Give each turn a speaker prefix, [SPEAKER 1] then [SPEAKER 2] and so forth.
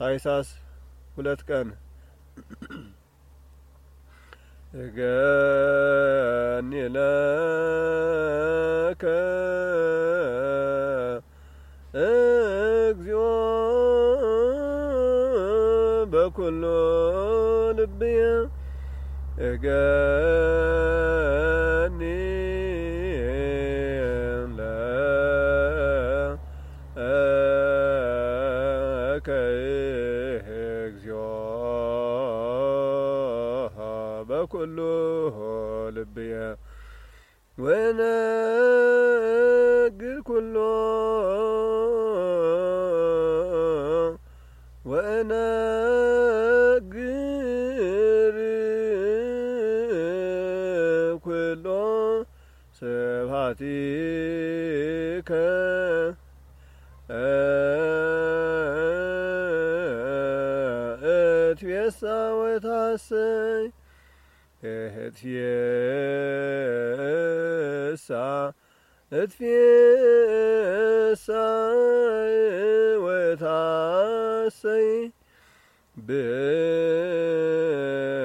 [SPEAKER 1] ታይሳስ ሁለት ቀን እገኒለከ እግዚኦ በኩሎ ልብየ እገ በኩሉ ልብየ ወነግር ኩሎ ወነግር ኩሎ ስብሐቲከ እትቤሳ ወታሰይ اتفيسا اتفيسا وتعسي بيه